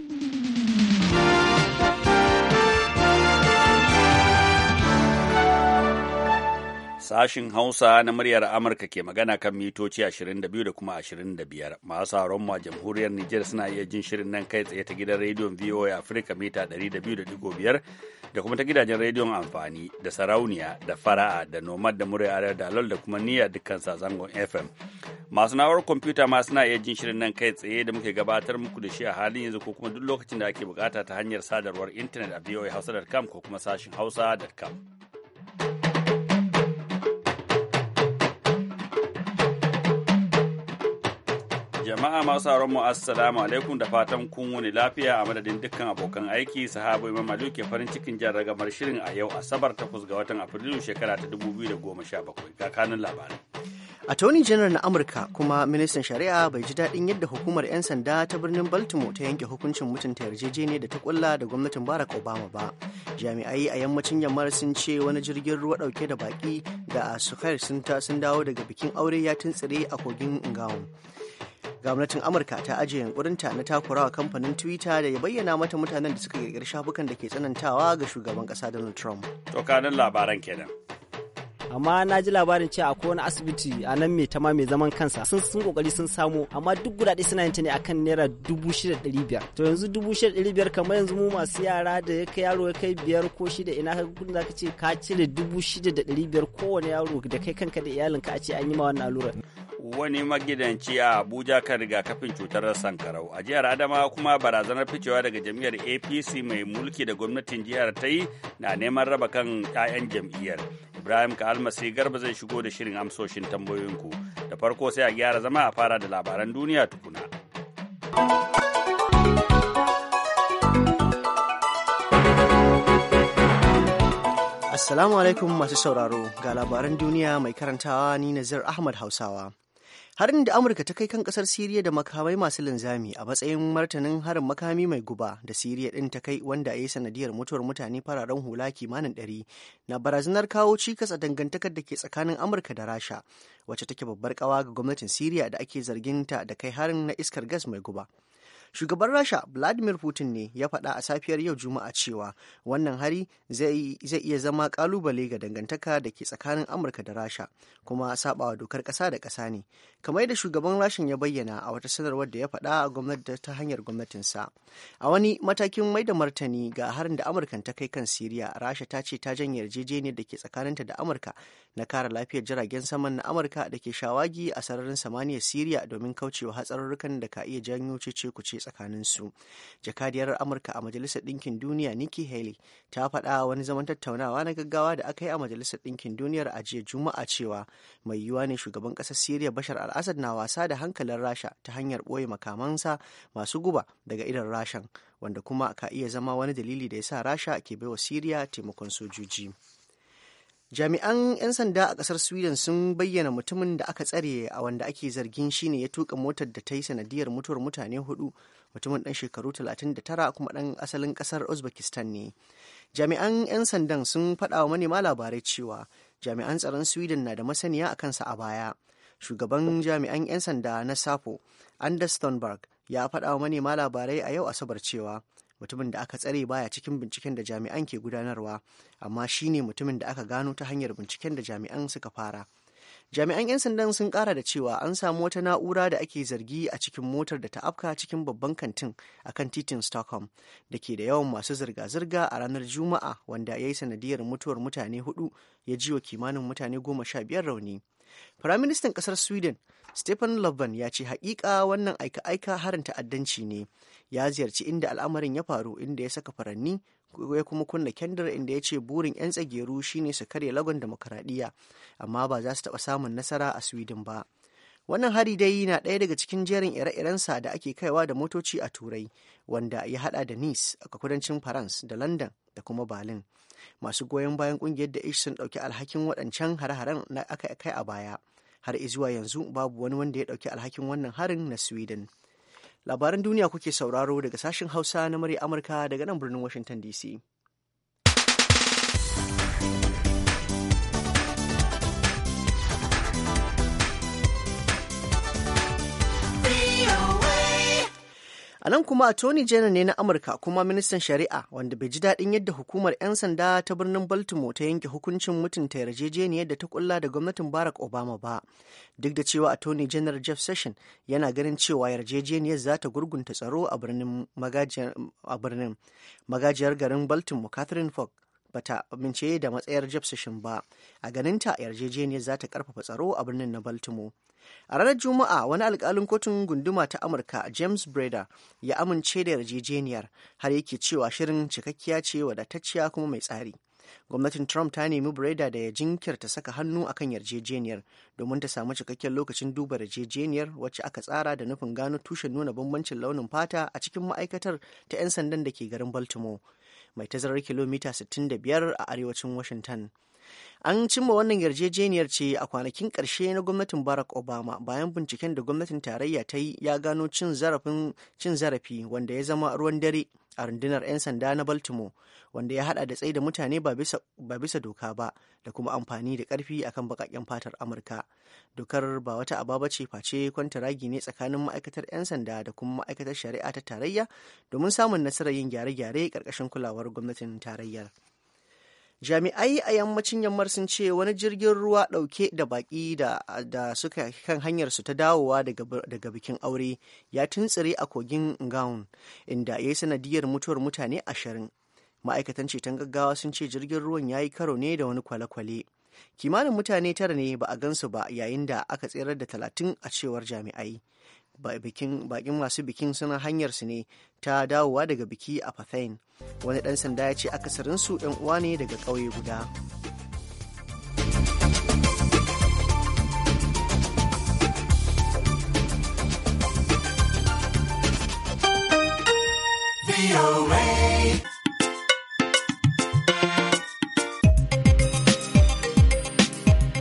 Mm-hmm. Sashin Hausa na muryar Amurka ke magana kan mitoci 22 da kuma 25. Masu sauran mu a jamhuriyar Nijar suna iya jin shirin nan kai tsaye ta gidan rediyon VOA Africa mita 200.5 da kuma ta gidajen rediyon amfani da sarauniya da fara'a da nomad da muryar arewa da alol da kuma niyyar dukkan sazangon FM. Masu na'urar kwamfuta ma suna iya jin shirin nan kai tsaye da muke gabatar muku da shi a halin yanzu ko kuma duk lokacin da ake bukata ta hanyar sadarwar intanet a voahausa.com ko kuma sashin hausa.com. Jama'a masu sauran mu assalamu alaikum da fatan kun wani lafiya a madadin dukkan abokan aiki sahabo Imam malu ke farin cikin jan ragamar shirin a yau Asabar takwas ga watan Afrilu shekara ta 2017 ga kanun labarai. a Attorney General na Amurka kuma ministan shari'a bai ji daɗin yadda hukumar 'yan sanda ta birnin Baltimore ta yanke hukuncin mutunta yarjejeniya da ta kulla da gwamnatin Barack Obama ba. Jami'ai a yammacin yammar sun ce wani jirgin ruwa ɗauke da baƙi da a sun dawo daga bikin aure ya tuntsire a kogin Ngawon. gwamnatin amurka ta ajiye yankurinta na takurawa kamfanin twitter da ya bayyana mata mutanen da suka kirkiri shafukan da ke tsanantawa ga shugaban kasa donald trump to kanin labaran kenan amma na ji labarin cewa akwai wani asibiti a nan mai tama mai zaman kansa sun sun kokari sun samu amma duk guda suna yin ta ne akan naira dubu shida ɗari biyar to yanzu dubu shida ɗari biyar kamar yanzu mu masu yara da ya kai yaro ya kai biyar ko shida ina ka za ka ce ka cire dubu shida da ɗari biyar kowane yaro da kai kanka da iyalinka a ce an yi ma wannan allurar. wani magidanci a abuja kan rigakafin cutar sankarau a jihar adamawa kuma barazanar ficewa daga jam'iyyar apc mai mulki da gwamnatin jihar ta yi na neman raba kan 'ya'yan jam'iyyar ibrahim kalma almasi garba zai shigo da shirin amsoshin tambayoyinku da farko sai a gyara zama a fara da labaran duniya tukuna assalamu alaikum masu sauraro ga labaran duniya mai karantawa ni nazir ahmad hausawa harin da amurka ta kai kan kasar siriya da makamai masu linzami a matsayin martanin harin makami mai guba da siriya din ta kai wanda a yi sanadiyar mutuwar mutane fararen hula kimanin ɗari na barazanar kawo cikas a dangantakar da ke tsakanin amurka da rasha wacce take babbar kawa ga gwamnatin siriya da ake zargin ta da kai harin na iskar gas mai guba shugaban rasha vladimir putin ne ya faɗa a safiyar yau juma'a cewa wannan hari zai iya zama kalubale ga dangantaka da ke tsakanin amurka da rasha kuma sabawa dokar kasa da kasa ne kamar yadda shugaban rashin ya bayyana a wata sanarwar da ya faɗa a gwamnati ta hanyar gwamnatinsa a wani matakin mai da martani ga harin da amurkan ta kai kan siriya rasha ta ce ta janye yarjejeniyar da ke tsakaninta da amurka na kare lafiyar jiragen saman na amurka da ke shawagi a sararin samaniyar siriya domin kaucewa hatsarurrukan da ka iya janyo cece tsakaninsu jakadiyar amurka a majalisar ɗinkin duniya nikki haley ta faɗa wani zaman tattaunawa na gaggawa da aka yi a majalisar ɗinkin duniyar a jiya juma'a cewa mai yiwuwa ne shugaban ƙasar syria bashar al-assad na wasa da hankalin rasha ta hanyar ɓoye makamansa masu guba daga irin rashan wanda kuma ka iya zama wani dalili da ya sa rasha ke baiwa syria taimakon sojoji. jami'an 'yan sanda a kasar sweden sun bayyana mutumin da aka tsare a wanda ake zargin shine ya tuka motar da ta yi sanadiyar mutuwar mutane hudu mutumin dan shekaru 39 kuma dan asalin kasar uzbekistan ne jami'an 'yan sandan sun faɗa wa manema labarai cewa jami'an tsaron sweden na da masaniya a kansa a baya shugaban jami'an 'yan sanda na sapo anders thunberg ya faɗa wa manema labarai a yau asabar cewa mutumin da aka tsare baya cikin binciken da jami'an ke gudanarwa amma shi ne mutumin da aka gano ta hanyar binciken da jami'an suka fara jami'an 'yan sandan sun kara da cewa an samu wata na'ura da ake zargi a cikin motar da ta afka cikin babban kantin a kan titin stockholm da ke da yawan masu zirga-zirga a ranar juma'a wanda ya yi sanadiyar mutuwar mutane hudu ya jiwa kimanin mutane goma sha biyar rauni Firaministan ƙasar Sweden Stefan Löfven ya ce haƙiƙa wannan aika-aika harin ta'addanci ne. Ya ziyarci inda al'amarin ya faru inda ya saka faranni ya kuma kunna kendir inda ya ce burin 'yan tsageru shine su karya lagon demokaradiyya amma ba za su taɓa samun nasara a Sweden ba. wannan hari dai na ɗaya daga cikin jerin ire-irensa da ake kaiwa da motoci a turai wanda ya haɗa da nice a kudancin france da london da kuma berlin masu goyon bayan kungiyar da ish sun dauki alhakin waɗancan hare-haren na aka kai a baya har zuwa yanzu babu wani wanda ya dauki alhakin wannan harin na sweden labaran duniya kuke sauraro daga sashen hausa na murya amurka daga nan birnin washington dc A nan kuma Tony Jenner ne na Amurka kuma ministan shari'a wanda bai ji daɗin yadda hukumar 'yan sanda ta birnin Baltimore ta yanke hukuncin mutunta yarjejeniyar da ta kulla da gwamnatin Barack Obama ba. Duk da cewa Tony Jenner Jeff Sessions yana ganin cewa yarjejeniyar za ta gurgunta tsaro a birnin magajiyar garin Baltimore Catherine Fogg bata amince da matsayar jefferson ba a ganinta yarjejeniyar za ta karfafa tsaro a birnin na baltimore a ranar juma'a wani alkalin kotun gunduma ta amurka james breda ya amince da yarjejeniyar har yake cewa shirin cikakkiya ce wadatacciya kuma mai tsari gwamnatin trump ta nemi breda da ya jinkirta saka hannu akan yarjejeniyar domin ta samu cikakken lokacin duba yarjejeniyar wacce aka tsara da nufin gano tushen nuna bambancin launin fata a cikin ma'aikatar ta 'yan sandan da ke garin baltimore mai tazarar kilomita 65 a arewacin Washington. An cimma wannan yarjejeniyar ce a kwanakin karshe na gwamnatin Barack Obama bayan binciken da gwamnatin tarayya ta yi ya gano cin cin zarafi wanda ya zama ruwan dare. a rundunar 'yan sanda na baltimore wanda ya hada da tsaida mutane ba bisa doka ba da kuma amfani da karfi akan bakaken fatar amurka dokar ba wata ababa ce face kwantaragi ne tsakanin ma'aikatar 'yan sanda da kuma ma'aikatar shari'a ta tarayya domin samun nasarar yin gyare-gyare karkashin kulawar gwamnatin tarayyar jami'ai a yammacin yammar sun ce wani jirgin ruwa dauke da baki da suka kan su ta dawowa daga bikin aure ya tuntsire a kogin gaun inda ya yi sanadiyar mutuwar mutane ashirin ma'aikatan ceton gaggawa sun ce jirgin ruwan ya yi karo ne da wani kwale-kwale kimanin mutane tara ne ba a gansu ba yayin da aka tserar da talatin a cewar jami'ai bakin masu bikin suna hanyar su ne ta dawowa daga biki a fathain Wani dan sanda ya ce akasarinsu ‘yan uwa ne daga ƙauye guda.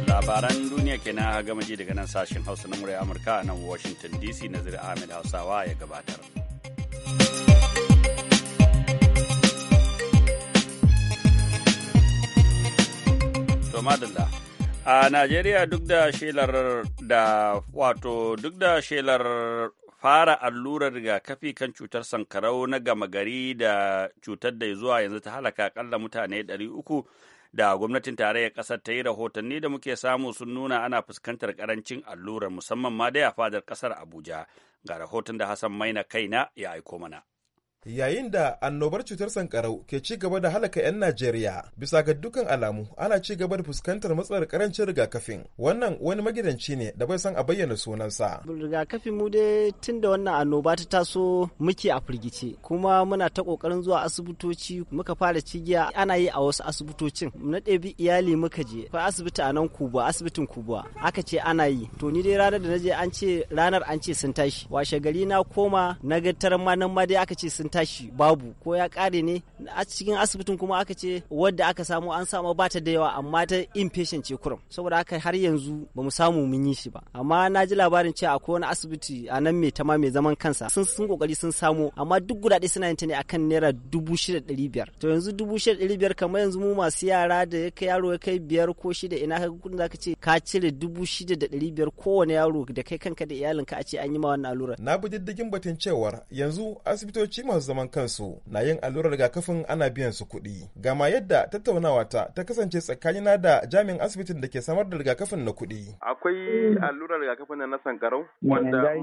Labaran duniya kenan a gama ji daga nan sashen hausa na murya amurka a nan washington dc zira ahmed hausawa ya gabatar to madalla a najeriya duk da shelar da wato duk da shelar fara allurar rigakafi kan cutar sankarau na gama gari da cutar da zuwa yanzu ta halaka akalla mutane 300 da gwamnatin tarayyar ƙasar ta yi rahotanni da muke samu sun nuna ana fuskantar karancin allurar musamman ma da ya fadar ƙasar abuja ga rahoton da hassan maina kaina ya aiko mana yayin da annobar cutar sankarau ke ci gaba da halaka 'yan najeriya bisa ga dukkan alamu ana ci gaba da fuskantar matsalar karancin rigakafin wannan wani magidanci ne da bai san a bayyana sunansa rigakafi mu dai tun da wannan annoba ta taso muke a firgice kuma muna ta kokarin zuwa asibitoci muka fara cigiya ana yi a wasu asibitocin na ɗebi iyali muka je fa asibiti a nan kubuwa asibitin kubuwa aka ce ana yi to ni dai ranar da na je an ce ranar an ce sun tashi washe gari na koma na ga taran ma nan ma dai aka ce sun tashi babu ko ya kare ne a cikin asibitin kuma aka ce wadda aka samu an samu ba ta da yawa amma ta inpatient ce kurum saboda haka har yanzu ba mu samu mun yi shi ba amma na ji labarin cewa akwai wani asibiti a nan mai tama mai zaman kansa sun sun kokari sun samu amma duk gudade suna yin ta ne akan naira dubu shida ɗari biyar to yanzu dubu shida ɗari biyar kamar yanzu mu masu yara da ya kai yaro ya kai biyar ko shida ina ka kudin zaka ce ka cire dubu shida da ɗari biyar kowane yaro da kai kanka da iyalinka a ce an yi ma wannan allura. na bi diddigin batun cewar yanzu asibitoci masu zaman kansu na yin allurar rigakafin ana biyan su kuɗi. Gama yadda tattaunawa ta ta kasance tsakanina da jami'in asibitin da ke samar da rigakafin na kuɗi. Akwai allurar rigakafin na sankarau wanda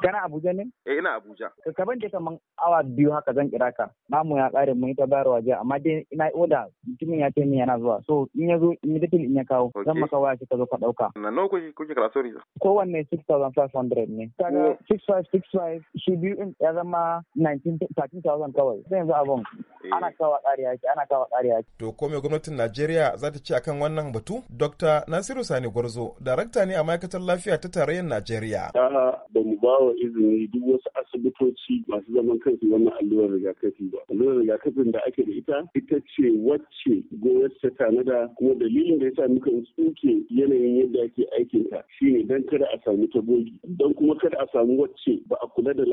kana Abuja ne? Eh ina Abuja. Ka kaban da kaman awa biyu haka zan kira ka. Namu ya kare mu ita bayarwa jiya amma dai ina oda mutumin ya ce min yana zuwa. So in ya zo immediately in ya kawo zan maka waya shi ka zo ka dauka. Na nawa kuke kuke karatu ne? Kowanne 6500 ne. Kaga 6565 shi biyu ya zama 19,000 kawai zai yanzu abin eh. ana kawo kari yaki ana kawo kari yaki. To kome gwamnatin Najeriya za ta ce akan wannan batu? Dr. Nasiru Sani Gwarzo, darakta ne a ma'aikatar lafiya ta tarayyar Najeriya. ta ba mu ba wa izini duk wasu asibitoci masu zaman kansu wannan allurar rigakafi ba. Allurar rigakafin da ake da ita ita ce wacce goyar ta tanada kuma dalilin da yasa muka tsuke yanayin yadda ake aikinta shine dan kada a samu tagogi dan kuma kada a samu wacce ba a kula da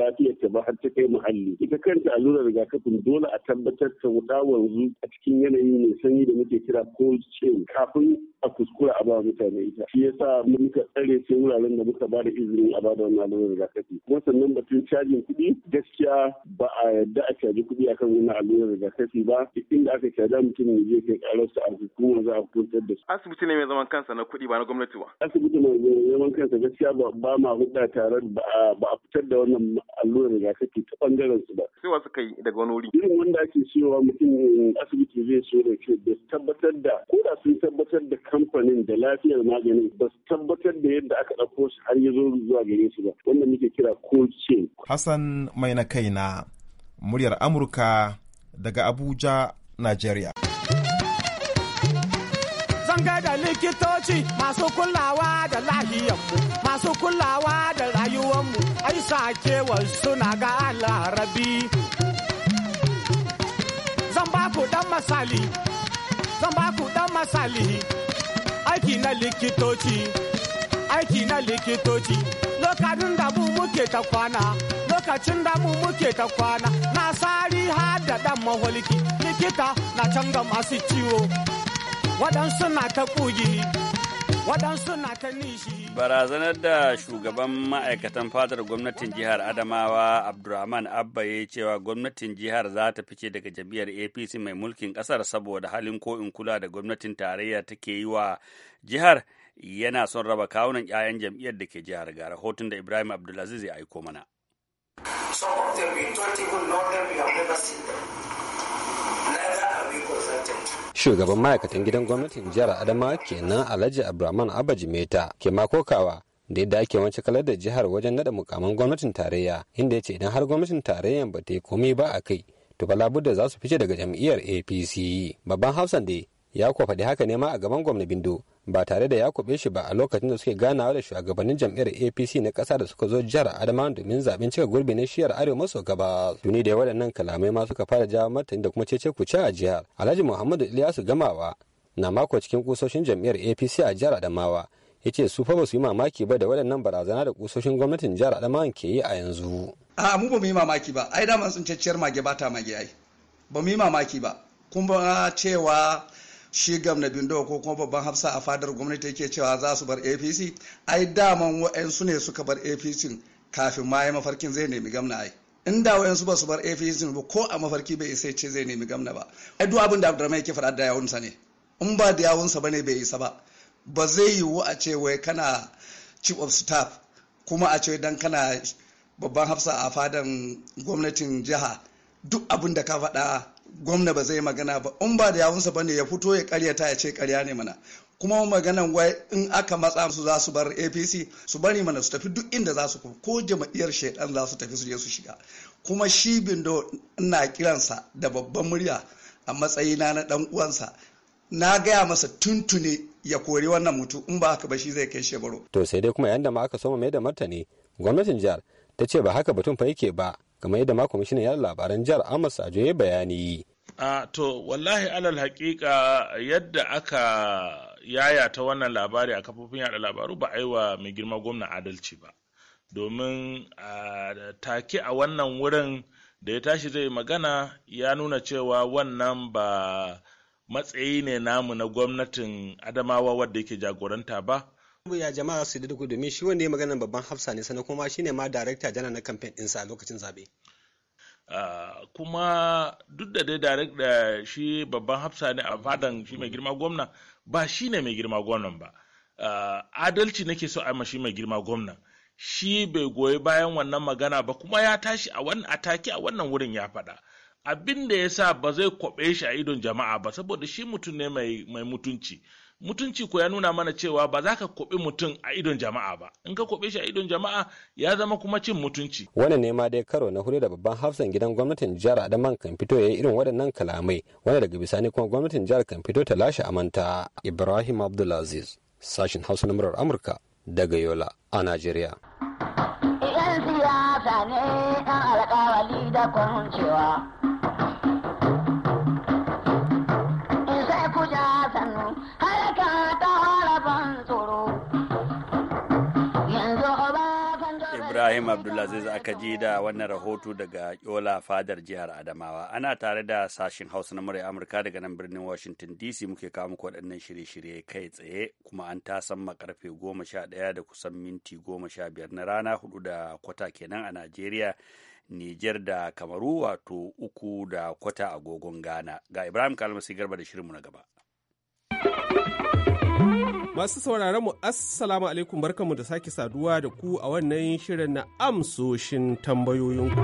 ta ba har ta kai muhalli. muhalli ita kanta allurar rigakafin dole a tabbatar ta wuta wanzu a cikin yanayi mai sanyi da muke kira cold chain kafin a kuskura a ba mutane ita shi yasa muka tsare sai wuraren da muka ba da izinin a ba da wannan allurar rigakafi kuma sannan batun cajin kuɗi gaskiya ba a yadda a caji kuɗi akan wannan allurar rigakafi ba inda aka caja mutum ne zai kai kararsa a hukuma za a hukuntar da su asibiti ne mai zaman kansa na kuɗi ba na gwamnati ba asibiti mai zaman kansa gaskiya ba ma hudda tare ba a fitar da wannan allurar rigakafi ta bangaren irin ba. sai wasu kai daga wani wuri. Irin wanda ake cewa mutum asibiti zai so da kyau da tabbatar da ko da sun tabbatar da kamfanin da lafiyar maganin ba su tabbatar da yadda aka ɗauko shi har ya zo zuwa gare su ba wanda muke kira cold chain. Hassan mai na kaina muryar Amurka daga Abuja, Najeriya. ga da likitoci masu kulawa da lahiyanmu masu kulawa da rayuwanmu ai sakewar suna ga larabi zan ba ku dan masali zan ba ku dan masali aiki na likitoci aiki na likitoci lokacin da mu muke ta kwana lokacin da mu muke ta kwana na sari har da dan maholiki likita na canza masu ciwo waɗansu na ta barazanar da shugaban ma'aikatan fadar gwamnatin jihar adamawa abdurrahman abba ya cewa gwamnatin jihar za ta fice daga jam'iyyar apc mai mulkin ƙasar saboda halin ko'in kula da gwamnatin tarayya take yi wa jihar yana son raba kawunan 'ya'yan jam'iyyar da ke jihar ga rahoton da ibrahim abdulaziz ya aiko mana shugaban ma'aikatan gidan gwamnatin jihar adama kenan alhaji abraman abaji meta ke makokawa da yadda ake wance kalar da jihar wajen nada mukaman gwamnatin tarayya inda ya ce idan har gwamnatin tarayya ba ta yi komai ba a kai to fa labudda za su fice daga jam'iyyar apc babban hausan da ya kwa faɗi haka ne ma a gaban gwamna bindo ba tare da ya kuɓe shi ba a lokacin da suke ganawa da shugabannin jam'iyyar apc na kasa da suka zo jihar Adamawa domin zaɓen cika gurbi na shiyar arewa maso gaba tuni da waɗannan kalamai ma suka fara jawo martani da kuma cece kuce a jihar alhaji muhammadu ilyasu gamawa na mako cikin kusoshin jam'iyyar apc a jihar adamawa ya ce su fa ba su yi mamaki ba da waɗannan barazana da kusoshin gwamnatin jihar adamawa ke yi a yanzu. a mu ba mu yi mamaki ba ai daman sun cecciyar mage ba ta mage ai ba mu yi mamaki ba kuma cewa shi gamna bindo ko kuma babban hafsa a fadar gwamnati yake cewa za su bar apc ai daman wa'yansu ne suka bar apc kafin ma ya mafarkin zai nemi gamna ai in da wayansu ba su bar apc ba ko a mafarki bai isa ce zai nemi gamna ba ai duk abin da abdurrahman yake faɗa da yawunsa ne in ba da yawunsa bane bai isa ba ba zai yiwu a ce wai kana chief of staff kuma a ce dan kana babban hafsa a fadan gwamnatin jiha duk abin da ka faɗa gwamna ba zai magana ba in ba da yawunsa bane ya fito ya karyata ya ce karya ne mana kuma maganan wai in aka matsa su za su bar apc su bari mana su tafi duk inda za su ko jama'iyar shaidan za su tafi su je su shiga kuma shi bindo ina kiransa da babban murya a matsayina na dan uwansa na gaya masa tuntune ya kori wannan mutu in ba haka ba shi zai kai shebaro to sai dai kuma yanda ma aka soma mai da martani gwamnatin jihar ta ce ba haka batun fa yake ba kamar yadda ma kwamishinan yada labaran jihar amas Sajo ya bayani. A to wallahi alal hakika yadda aka yaya ta wannan labari a kafofin yada labaru ba a yi wa mai girma gwamna adalci ba. Domin a take a wannan wurin da ya tashi zai magana ya nuna cewa wannan ba matsayi ne namu na gwamnatin Adamawa wadda yake jagoranta ba. ya jama'a su da domin shi wanda ya magana babban hafsa ne sannan kuma shine ma darakta janar na kamfen ɗinsa a lokacin zabe. Ah, kuma duk da dai darekta shi babban hafsa ne a fadan shi mai girma gwamna ba shi ne mai girma gwamnan ba ah, adalci nake so a shi mai girma gwamna shi bai goyi bayan wannan magana ba kuma ya tashi a wannan ataki a wannan wurin ya faɗa abin da ya sa ba zai kwaɓe shi a idon jama'a ba saboda shi mutum ne mai mutunci mutunci ko ya nuna mana cewa ba za ka koɓi mutum a idon jama'a ba in ka koɓe shi a idon jama'a ya zama kuma cin mutunci Wani ne ma dai karo na hudu da babban hafsan gidan gwamnatin jihar adaman kan fito ya yi irin waɗannan kalamai wanda daga bisani kuma gwamnatin jihar kan fito ta lashe amanta ibrahim abdulaziz sashin hausa na murar amurka daga yola a najeriya ne alƙawali da cewa. Abdulaziz aka ji da wannan rahoto daga Yola fadar jihar Adamawa. Ana tare da sashin Hausa na murai Amurka daga nan birnin Washington DC muke kawo muku waɗannan shirye-shirye kai tsaye kuma an ma karfe goma sha ɗaya da kusan minti goma sha biyar na rana hudu da kwata kenan a Najeriya, Nijar da Kamaru wato uku da kwata agogon Ghana. Ga Ibrahim Kalmasi Garba da shirinmu na gaba. Masu sauraron mu Assalamu alaikum barkanmu da sake saduwa da ku a wannan shirin na amsoshin tambayoyinku.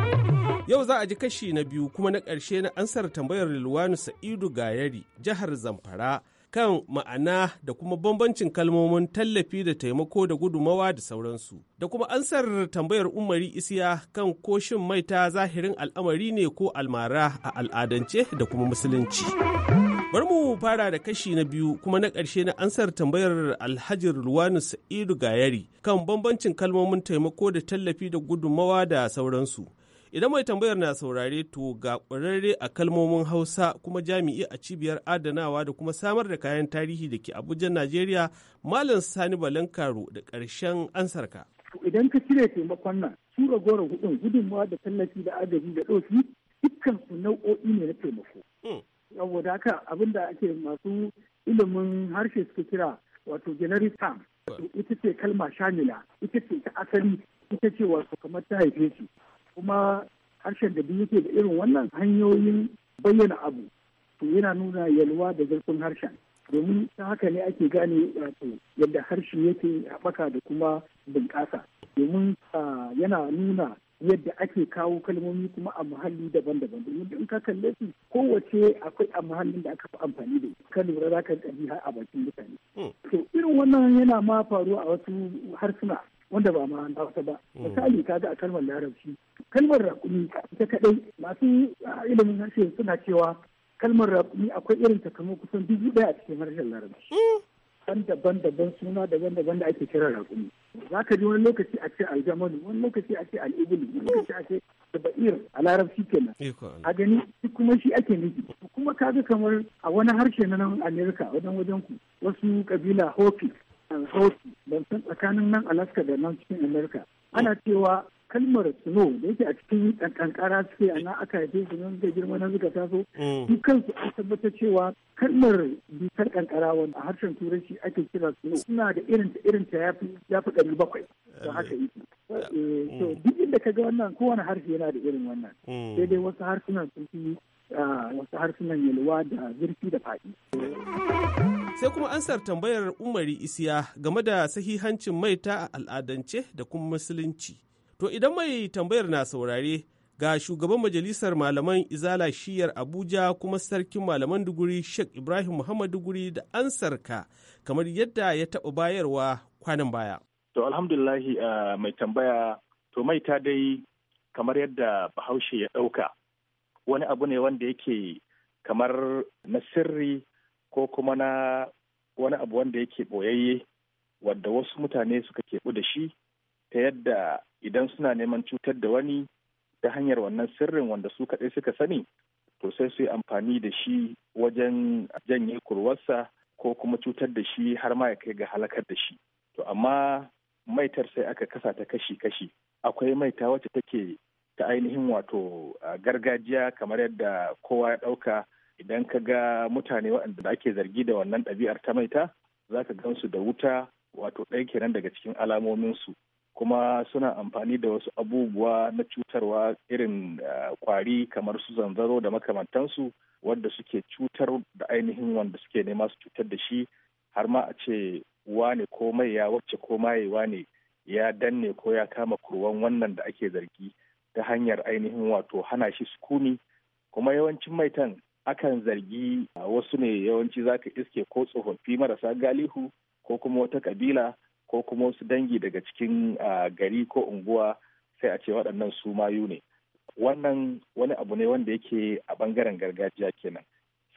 Yau za a ji kashi na biyu kuma na ƙarshe na ansar tambayar Lilwanu Sa'idu Gayari, jihar Zamfara, kan ma'ana da kuma bambancin kalmomin tallafi da taimako da gudumawa da sauransu. Da kuma ansar tambayar Umari Isiya kan koshin maita zahirin al'amari ne ko almara a al'adance da kuma musulunci. Bari mu fara da kashi na biyu kuma na ƙarshe na ansar tambayar Alhaji Ruwanu Sa'idu Gayari kan bambancin kalmomin taimako da tallafi da gudummawa da sauransu. Idan mai tambayar na saurare to ga ƙwararre a kalmomin Hausa kuma jami'i a cibiyar adanawa da kuma samar da kayan tarihi da ke Abuja, Najeriya, Malam Sani Balankaro da ƙarshen ansarka. Idan ka cire taimakon nan, su ragowar hudun gudunmawa da tallafi da agaji da ɗauki dukkan su nau'o'i ne na taimako. Hmm. saboda haka da ake masu ilimin harshe suke kira wato generic term ita ce kalma shamila ita ce ta asali ita ce wato kamar ta haife su kuma harshen da biyu yake da irin wannan hanyoyin bayyana abu to yana nuna yalwa da zurfin harshen domin ta haka ne ake gane wato yadda harshe yake haɓaka da kuma bunƙasa domin ah, yana nuna yadda ake kawo kalmomi kuma a muhalli daban-daban domin in ka kalle su kowace akwai a muhallin da aka fi amfani da ka lura za ka har a bakin mutane. Hmm. To irin wannan yana ma faruwa a wasu harsuna wanda ba ma hausa ba hmm. misali ka ga a kalmar larabci kalmar raƙumi ita kaɗai masu ilimin harshe suna cewa kalmar raƙumi akwai irin ta kusan dubu ɗaya a cikin harshen larabci. Hmm. san daban-daban suna daban-daban da ake kira raƙumi za ka ji wani lokaci a ce aljamani. wani lokaci a ce al'ibulu wani lokaci a ce ba'ir a larabci kenan a gani kuma shi ake nufi kuma ga kamar a wani harshe na nan amerika wajen wajen ku wasu kabila hoki hopi ban san tsakanin nan alaska da nan cikin amerika ana cewa kalmar tsino da yake a cikin kankara suke ana aka haife su nan da girma na suka taso mm. su kansu an tabbatar cewa kalmar bitar kankara wanda a harshen turanci ake kira tsino suna da irin ta irin ta yafi yafi ɗari bakwai da haka eh. yi eh, to mm. duk inda ka ga wannan kowane harshe yana da irin wannan mm. sai dai wasu harsunan sun fi ah, wasu harsunan yalwa da zurfi da faɗi. Sai kuma ansar tambayar Umari Isiya game da sahihancin maita a al'adance da kuma musulunci. To idan mai tambayar na saurare ga shugaban majalisar malaman izala shiyar Abuja kuma sarkin malaman duguri Sheikh Ibrahim Muhammad duguri da ansarka kamar yadda ya taɓa bayarwa kwanan baya. To alhamdulillahi uh, mai tambaya to mai ta dai kamar yadda bahaushe ya ɗauka wani abu ne wanda yake kamar na sirri ko kuma na wani abu wanda yake ɓoyayye wadda wasu mutane suka keɓu da shi ta yadda idan suna neman cutar da wani ta hanyar wannan sirrin wanda su kaɗai suka sani to sai su yi amfani da shi wajen janye kurwarsa ko kuma cutar da shi har ma ya kai ga halakar da shi to amma maitar sai aka kasa ta kashi-kashi akwai maita wacce take ta ainihin wato gargajiya kamar yadda kowa ya ɗauka idan ka ga mutane waɗanda ake zargi da wannan ɗabi'ar ta maita za ka gansu da wuta wato ɗaya kenan daga cikin alamominsu kuma suna amfani da wasu abubuwa na cutarwa irin eh, kwari kamar su zanzaro da makamantansu wadda suke cutar da ainihin wanda suke nema su cutar da shi har ma a ce wane ko mai ya wacce ko mayewa ne ya danne ko ya kama kurwan wannan da ake zargi ta hanyar ainihin wato hana shi sukuni kuma yawancin maitan akan zargi eh, wasu ne yawanci zaka iske ko tsofaffi marasa galihu ko kuma wata kabila ko kuma wasu dangi daga cikin gari ko unguwa sai a ce waɗannan su mayu ne wannan wani abu ne wanda yake a ɓangaren gargajiya kenan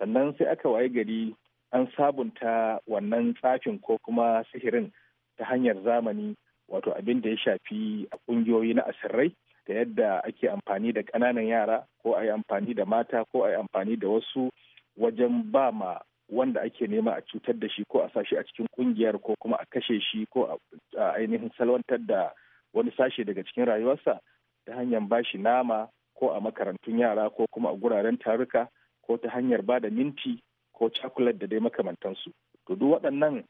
sannan sai aka waye gari an sabunta wannan tsafin ko kuma sihirin ta hanyar zamani wato abin da ya shafi a ƙungiyoyi na asirrai da yadda ake amfani da ƙananan yara ko a yi amfani da mata ko a yi amfani da wasu wajen ba ma wanda ake nema a cutar da shi ko a sashi a cikin kungiyar ko kuma a kashe shi ko a ainihin salwantar da wani sashe daga cikin rayuwarsa ta hanyar bashi nama ko a makarantun yara ko kuma a guraren taruka ko ta hanyar ba da minti ko cakulat da dai makamantansu to duk waɗannan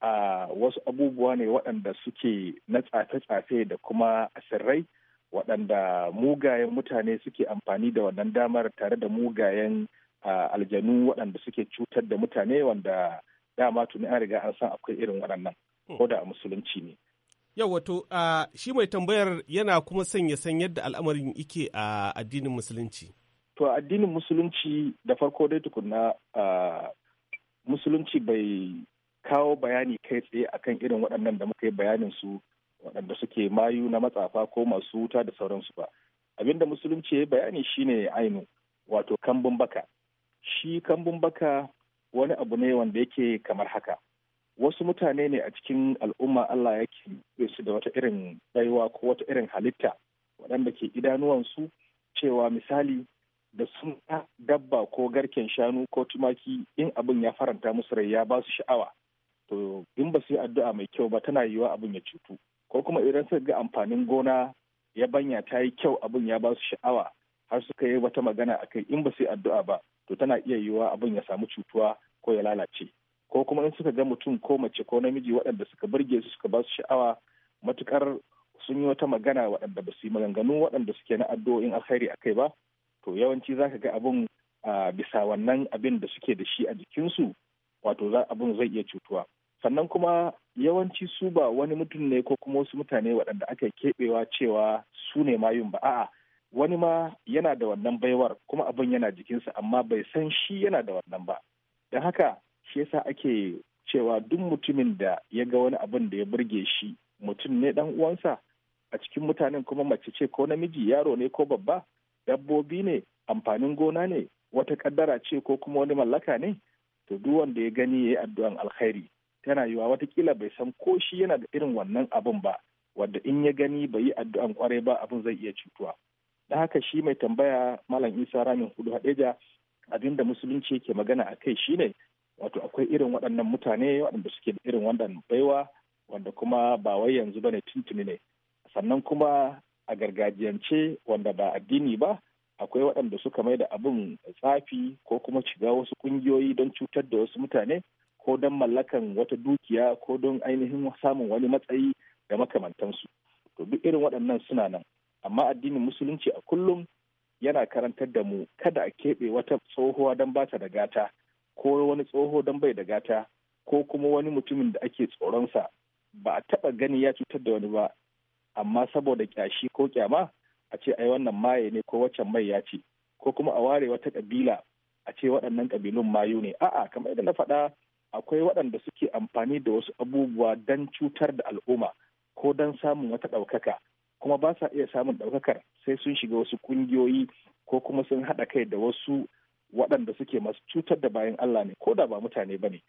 a wasu abubuwa ne waɗanda suke na tsafe-tsafe da kuma asirrai waɗanda mugayen mutane suke amfani da wannan damar tare da mugayen aljanu waɗanda suke cutar da mutane wanda dama tuni an riga an san akwai irin waɗannan hmm. ko da musulunci ne. Yau wato shi mai tambayar yana kuma sanya san yadda al'amarin ike a addinin musulunci. To addinin musulunci da farko dai tukunna musulunci bai kawo bayani kai tsaye akan irin waɗannan da muka yi bayanin su waɗanda suke mayu na matsafa ko masu wuta da sauransu ba. Abinda musulunci ya bayani shine ainu wato kambun baka shi kambun baka wani abu ne wanda yake kamar haka wasu mutane ne a cikin al'umma Allah ya ke su da wata irin baiwa ko wata irin halitta waɗanda ke idanuwansu cewa misali da sun dabba ko garken shanu ko tumaki in abin ya faranta musu rai ya ba su sha'awa to in ba su yi addu'a mai kyau ba tana yiwa abin ya cutu ko kuma idan suka ga amfanin gona ya banya ta yi kyau abin ya ba su sha'awa har suka yi wata magana akai in ba su yi addu'a ba to tana iya yiwuwa abin ya samu cutuwa ko ya lalace ko kuma in suka ga mutum ko mace ko namiji waɗanda suka burge su suka ba su sha'awa matukar sun yi wata magana waɗanda ba su yi maganganu waɗanda suke na addu'o'in alkhairi a kai ba to yawanci zaka ga abin bisa wannan abin da suke da shi a jikinsu wato za abin zai iya cutuwa sannan kuma yawanci su ba wani mutum ne ko kuma wasu mutane waɗanda aka keɓewa cewa su ne mayun ba a'a wani ma yana da wannan baiwar kuma abin yana jikinsa amma bai san shi yana da wannan ba don haka shi yasa ake cewa duk mutumin da ya ga wani abin da ya burge shi mutum ne dan uwansa a cikin mutanen kuma mace ce ko namiji yaro ne ko babba dabbobi ne amfanin gona ne wata kaddara ce ko kuma wani mallaka ne to duk wanda ya gani ya yi addu'an alkhairi tana yiwa watakila bai san ko shi yana da irin wannan abin ba wanda in ya gani bai yi addu'an kwarai ba abin zai iya cutuwa da haka shi mai tambaya malam isa ramin hudu hadeja abin da musulunci yake magana a kai shine wato akwai irin waɗannan mutane waɗanda suke da irin wannan baiwa wanda kuma ba wai yanzu bane tuntuni ne sannan kuma a gargajiyance wanda ba addini ba akwai waɗanda suka mai da abin tsafi ko kuma shiga wasu ƙungiyoyi don cutar da wasu mutane ko don mallakan wata dukiya ko don ainihin samun wani matsayi da makamantansu to duk irin waɗannan suna nan amma addinin musulunci a kullum yana karantar da mu kada a keɓe wata tsohuwa don ba ta da gata ko wani tsoho don bai da gata ko kuma wani mutumin da ake tsoronsa ba a taɓa gani ya cutar da wani ba amma saboda kyashi ko kyama a ce ai wannan maye ne ko waccan mai ya ce ko kuma a ware wata kabila a ce waɗannan kabilun mayu ne a'a kamar yadda na faɗa akwai waɗanda suke amfani da wasu abubuwa don cutar da al'umma ko don samun wata ɗaukaka kuma ba sa iya samun ɗaukakar sai sun shiga wasu ƙungiyoyi ko kuma sun haɗa kai da wasu waɗanda suke masu cutar da bayan Allah ne ko da ba mutane ba ne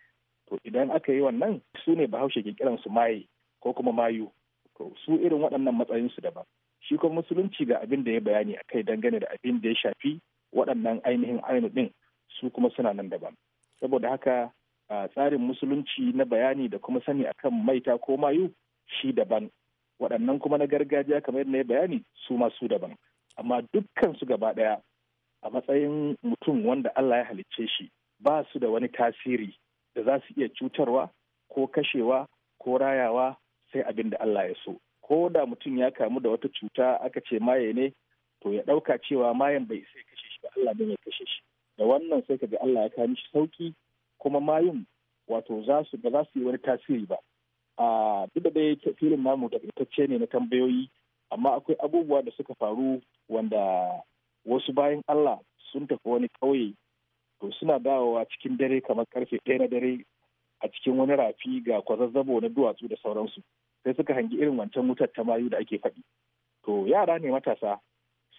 to idan aka yi wannan su ne bahaushe ke kiran su maye ko kuma mayu to su irin waɗannan matsayin su daban shi kuma musulunci ga abin da ya bayani a kai dangane da abin da ya shafi waɗannan ainihin ainu ɗin su kuma suna nan daban saboda haka tsarin musulunci na bayani da kuma sani akan maita ko mayu shi daban waɗannan kuma na gargajiya kamar yadda ya bayani su masu daban amma dukkan su gaba ɗaya a matsayin mutum wanda Allah ya halicce shi ba su da wani tasiri da za su iya cutarwa ko kashewa ko rayawa sai abin da Allah ya so ko da mutum ya kamu da wata cuta aka ce maye ne to ya ɗauka cewa mayan bai sai kashe shi ba Allah ne ya kashe shi da wannan sai ka ga Allah ya kawo shi sauki kuma mayun wato za su ba za su yi wani tasiri ba a duk da dai filin namu takaitacce ne na tambayoyi amma akwai abubuwa da suka faru wanda wasu bayan Allah sun tafi wani ƙauye to suna dawowa cikin dare kamar karfe ɗaya na dare a cikin wani rafi ga kwazazzabo na duwatsu da sauransu sai suka hangi irin wancan wutar ta mayu da ake faɗi to yara ne matasa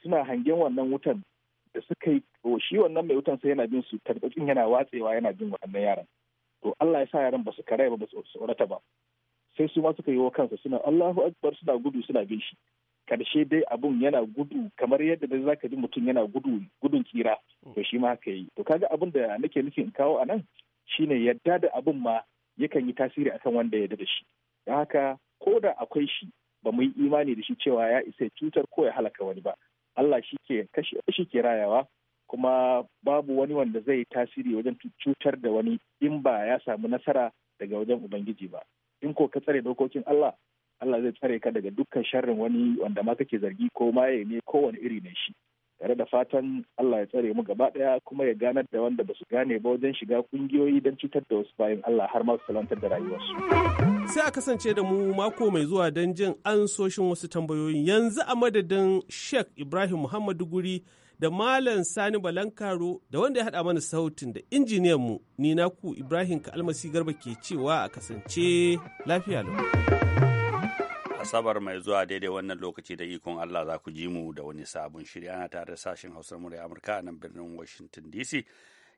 suna hangen wannan wutan da suka yi to shi wannan mai wutan sai yana bin su tarbakin yana watsewa yana bin waɗannan yaran to Allah ya sa yaran ba su karaya ba ba su tsorata ba sai su ma suka yi wa kansa suna Allahu Akbar suna gudu suna bin shi karshe dai abun yana gudu kamar yadda dai zaka ji mutum yana gudu gudun kira to shi ma haka yi to kaga abun da nake nufi in kawo anan shine yadda da abun ma yakan yi tasiri akan wanda ya da shi don haka ko da akwai shi ba mu yi imani da shi cewa ya isa cutar ko ya halaka wani ba Allah shi ke kashe shi ke rayawa kuma babu wani wanda zai tasiri wajen cutar da wani in ba ya samu nasara daga wajen ubangiji ba in ko ka tsare dokokin Allah Allah zai tsare ka daga dukkan sharrin wani wanda ma kake zargi ko maye ne kowane iri ne shi tare da fatan Allah ya tsare mu gaba daya kuma ya ganar da wanda basu gane ba wajen shiga kungiyoyi don cutar da wasu bayan Allah har ma su salantar da rayuwarsu. Sai a kasance da mu mako mai zuwa don jin ansoshin wasu tambayoyin yanzu a madadin Sheikh Ibrahim Muhammadu Guri da Malam Sani Balankaro da wanda ya haɗa mana sautin da injiniyanmu ni naku Ibrahim Kalmasi Garba ke cewa a kasance lafiya lau. Asabar mai zuwa daidai wannan lokaci da ikon Allah za ku ji mu da wani sabon shiri ana tare da sashen Hausar Murya Amurka a nan birnin Washington DC.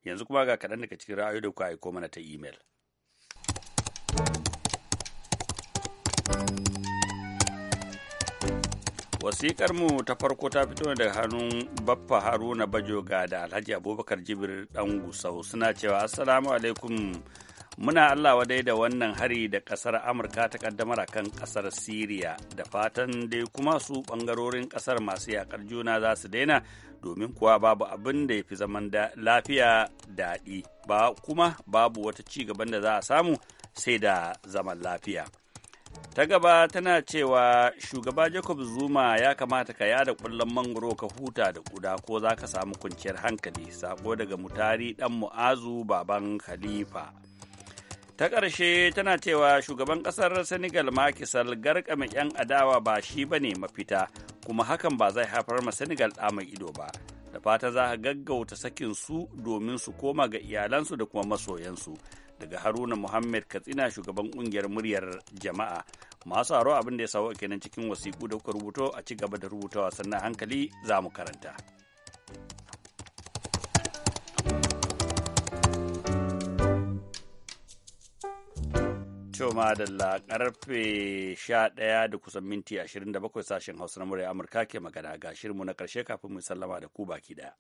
Yanzu kuma ga kaɗan daga cikin ra'ayoyi da ku aiko mana ta imel. wasikar mu ta farko ta fito daga hannun baffa haruna bajoga da alhaji abubakar jibir dan gusau suna cewa assalamu alaikum muna allah wadai da wannan hari da kasar amurka ta kaddamar kan kasar siriya da fatan dai kuma su bangarorin kasar masu yakar juna za su daina domin kuwa babu abin da ya fi zaman lafiya daɗi ba kuma babu wata ci gaban da za a samu sai da zaman lafiya. ta gaba tana cewa shugaba jacob zuma ya kamata ka yada kullum mangoro ka huta da kuda ko za ka samu kwanciyar hankali sako daga mutari dan mu'azu baban khalifa ta ƙarshe tana cewa shugaban ƙasar senegal makisal garkame 'yan adawa ba shi ba ne mafita kuma hakan ba zai haifar ma senegal ɗa mai ido ba da fata za ka gaggauta sakin su domin su koma ga iyalansu da kuma masoyansu daga Haruna Muhammad Katsina shugaban kungiyar muryar jama'a. Masu haro abin da ya sawo kenan cikin wasiku da kuka rubuto a ci gaba da rubutawa sannan hankali za mu karanta. Cewa da karfe 11 da kusan minti 27 sashen Hausa na murya Amurka ke magana ga mu na karshe kafin mu sallama da ku baki ɗaya.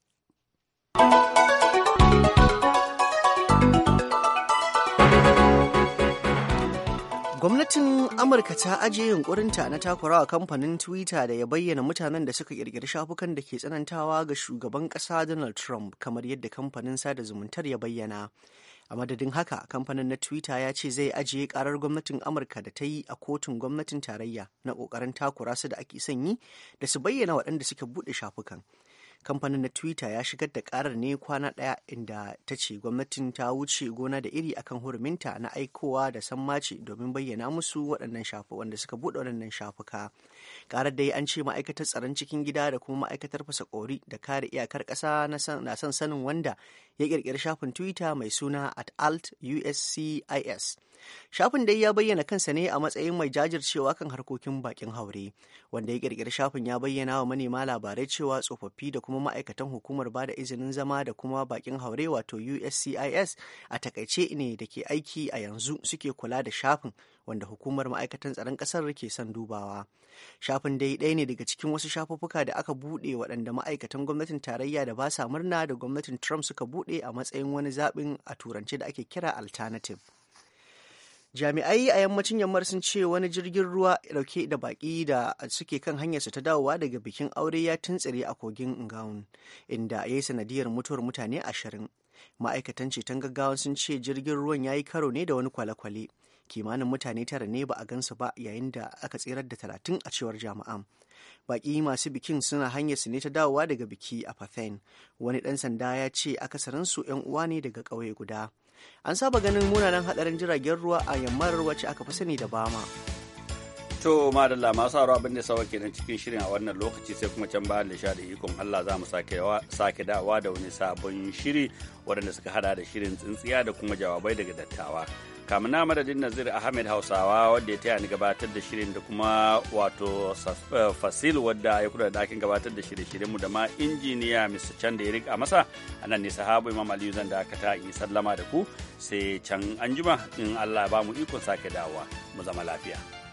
Gwamnatin Amurka ta ajiye yunkurinta na takurawa kamfanin Twitter da ya bayyana mutanen da suka kirkiri shafukan da ke tsanantawa ga shugaban ƙasa Donald Trump kamar yadda kamfanin sada zumuntar ya bayyana. A madadin haka, kamfanin na Twitter ya ce zai ajiye karar gwamnatin Amurka da ta yi a kotun gwamnatin tarayya na ƙoƙarin takura su da ake son yi da su bayyana waɗanda suka buɗe shafukan. kamfanin na twitter ya shigar da karar ne kwana daya inda ta ce gwamnatin ta wuce gona da iri akan huruminta na aikowa da sammaci domin bayyana musu waɗannan shafu wanda suka buɗe waɗannan shafuka karar dai an ce ma'aikatar tsaron cikin gida da kuma ma'aikatar fasa kori da kare iyakar ƙasa na son sanin wanda ya ƙirƙiri shafin twitter mai suna at alt uscis shafin dai ya bayyana kansa ne a matsayin mai jajircewa kan harkokin bakin haure wanda ya ƙirƙiri shafin ya bayyana wa manema labarai cewa tsofaffi da kuma ma'aikatan hukumar bada izinin zama da kuma bakin haure wato uscis a takaice ne da ke aiki a yanzu suke kula da shafin wanda hukumar ma'aikatan tsaron ƙasar ke son dubawa shafin dai ɗaya ne daga cikin wasu shafuffuka da aka buɗe waɗanda ma'aikatan gwamnatin tarayya da ba sa murna da gwamnatin trump suka buɗe a matsayin wani zaɓin a turance da ake kira alternative jami'ai a yammacin yammar sun ce wani jirgin ruwa dauke da baki da suke kan hanyarsa ta dawowa daga bikin aure ya tuntsire a kogin ngaun inda ya yi sanadiyar mutuwar mutane ashirin ma'aikatan ceton gaggawa sun ce jirgin ruwan ya yi karo ne da wani kwale-kwale kimanin mutane tara ne ba a gansu ba yayin da aka tserar da talatin a cewar jami'an baki masu bikin suna hanyar su ne ta dawowa daga biki a pathen wani dan sanda ya ce akasarinsu yan uwa ne daga kauye guda an saba ganin munanan hadarin jiragen ruwa a yammar wacce aka fi sani da bama to madalla masu haro abin da sawa kenan cikin shirin a wannan lokaci sai kuma can bayan lisha ikon Allah za mu sake dawa da wani sabon shiri waɗanda suka hada da shirin tsintsiya da kuma jawabai daga dattawa kamuna madadin nazir ahmed hausawa wadda ya taya ni gabatar da shirin da kuma wato eh, fasil wadda ya kula da ɗakin gabatar da shirye mu da ma injiniya mr chan da ya riga masa a nan ne sahabu imam aliyu zan da aka ta yi sallama da ku sai can anjima in allah ba mu ikon sake dawowa mu zama lafiya.